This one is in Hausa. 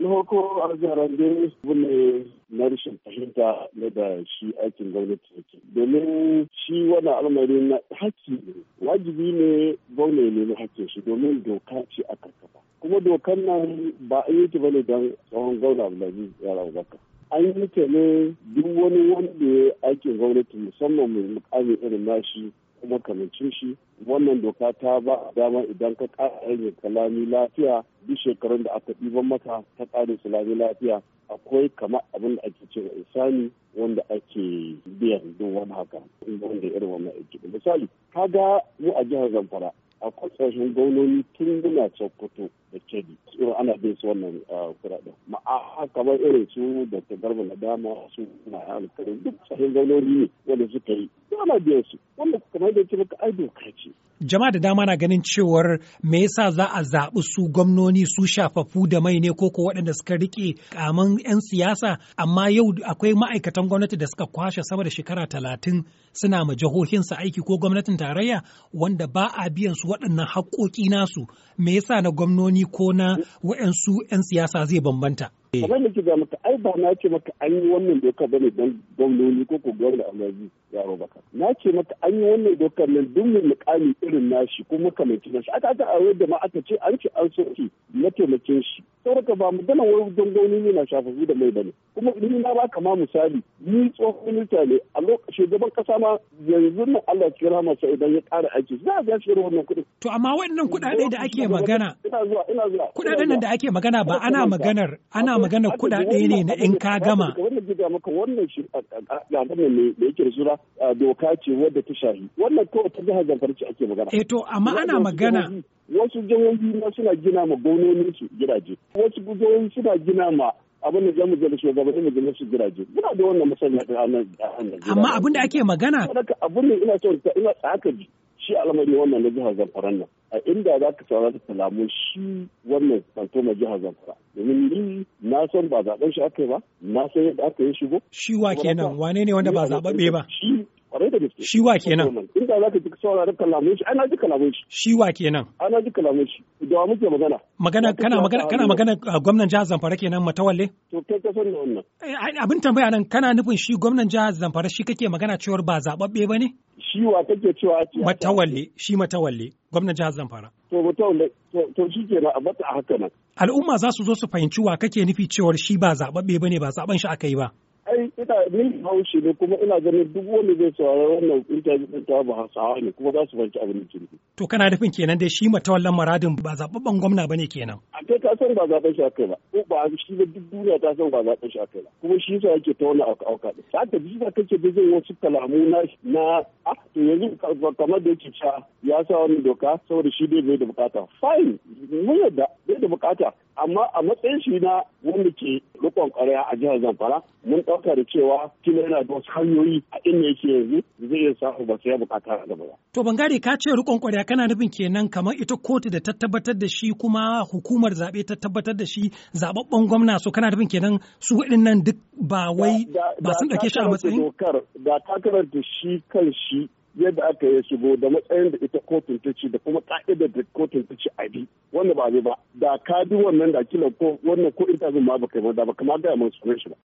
farko a jaran dai ne na rashin fahimta na da shi aikin gwamnati yake domin shi wani al'amari na haƙƙi ne wajibi ne gwamnati ne na haƙƙin shi domin doka ce aka kafa kuma dokan nan ba a yi ta bane don tsohon gwamna abdulaziz ya abubakar an yi ta ne duk wani wanda ya aikin gwamnati musamman mai mukamin irin nashi kuma shi wannan doka ta ba a dama idan ka ƙara yin kalami lafiya duk shekarun da aka ɗiban maka ta ƙare su lami lafiya akwai kamar abin da ake cewa isani wanda ake biyan duk wani haka wanda irin wannan aiki misali ga mu a jihar zamfara a kwasashen gaunoni tun muna sokoto da kedi irin ana bin su wannan ah, kuɗaɗen ma'a kamar irin su da ta garba na dama su na alkarin duk sahin gaunoni ne wanda suka yi dama biyan su wanda kamar da yake maka ai doka jama'a da dama na ganin cewar me yasa za a zaɓi su gwamnoni su shafafu da mai ne koko waɗanda suka rike kaman 'yan siyasa amma yau akwai ma'aikatan gwamnati da suka kwashe sama da shekara talatin suna ma jihohinsa aiki ko gwamnatin tarayya wanda ba a biyan su waɗannan haƙoƙi nasu me yasa na gwamnoni ko na waɗansu 'yan siyasa zai bambanta Eh. kamar da kiga maka ai ba na ce maka an yi wannan doka ba ne don gwamnoni ko ko gwamna alhaji yaro baka na ce maka an yi wannan dokar nan duk mai mukami irin nashi ko makamancin nashi aka aka aure da ma aka ce an ce an soki na taimakin shi saboda ba mu gana wani don gwamnoni na shafa da mai bane kuma ni na ba kama misali ni tsohon minista ne a lokacin shugaban kasa ma yanzu na Allah cikin rahamarsa idan ya ƙara aiki za a ga shi wannan kuɗin. To amma waɗannan kuɗaɗe da ake magana. Ina zuwa ina zuwa. Kuɗaɗen da ake magana ba ana maganar ana magana kudade ne na in ka gama. Wannan gida maka wannan shi a ga ne da yake sura doka ce wadda ta shahi. Wannan ko ta jihar Zamfara ce ake magana. Eh to amma ana magana. Wasu jihohi ma suna gina ma gononin su gidaje. Wasu jihohi suna gina ma abin da zamu gani shugabannin majalisar gidaje muna da wannan masaniya a nan amma abin da ake magana abin da ina son ina tsaka ji shi al'amari wannan na jihar zamfara nan a inda za ka saura saurara kalamun shi wannan fanto na jihar zamfara domin ni na san ba zaben shi aka yi ba na san yadda aka yi shigo shi wa kenan wane ne wanda ba zaɓaɓɓe ba shi kwarai da gaske shi wa kenan inda za ka ji saurara kalamun shi ana ji kalamun shi shi wa kenan ana ji kalamun shi da muke magana magana kana magana kana magana uh, gwamnan jihar zamfara kenan matawalle to kai ka san wannan eh, abin tambaya nan kana nufin shi gwamnan jihar zamfara shi kake magana cewa ba zaɓaɓɓe ba ne shi wa take cewa ce matawalle shi matawalle gwamnan jihar Zamfara to matawalle to shi ke na abata a haka nan al'umma za su zo su fahimci wa kake nufi cewar shi ba zababbe bane ba zaben shi aka yi ba ai ina ni haushi ne kuma ina ganin duk wanda zai saurari wannan interview din ta ba hasawa ne kuma za su fahimci abin da ke to kana nufin kenan dai shi matawallan maradin ba zababban gwamna bane kenan a kai ka san ba zaben shi aka yi ba ko ba shi ne duk duniya ta san ba zaben shi aka yi ba kuma shi yasa yake ta wani auka auka ɗin. din saka bisa kake da zai wasu kalamu na a to yanzu kamar da yake cewa ya sa wani doka saboda shi bai da bukata fine mun yadda bai da bukata amma a matsayin shi na wanda ke rikon kwarya a jihar zamfara mun ɗauka da cewa kila yana da wasu hanyoyi a inda yake yanzu zai iya samu ba sai ya bukata a gaba ba. to bangare ka ce rikon kwarya kana nufin kenan kamar ita kotu da ta tabbatar da shi kuma hukumar zaɓe ta tabbatar da shi zaɓaɓɓen gwamna so kana nufin kenan su waɗannan duk ba wai ba sun ɗauke shi a matsayin. da ta karanta shi kan shi yadda aka yi shigo da matsayin da ita kotun ta ce da kuma ka'idar da kotun ta ce a bi wanda ba bi ba da ka bi wannan da kila ko wannan ko in ta ma ba kai ma da ba kama gaya mun shi ba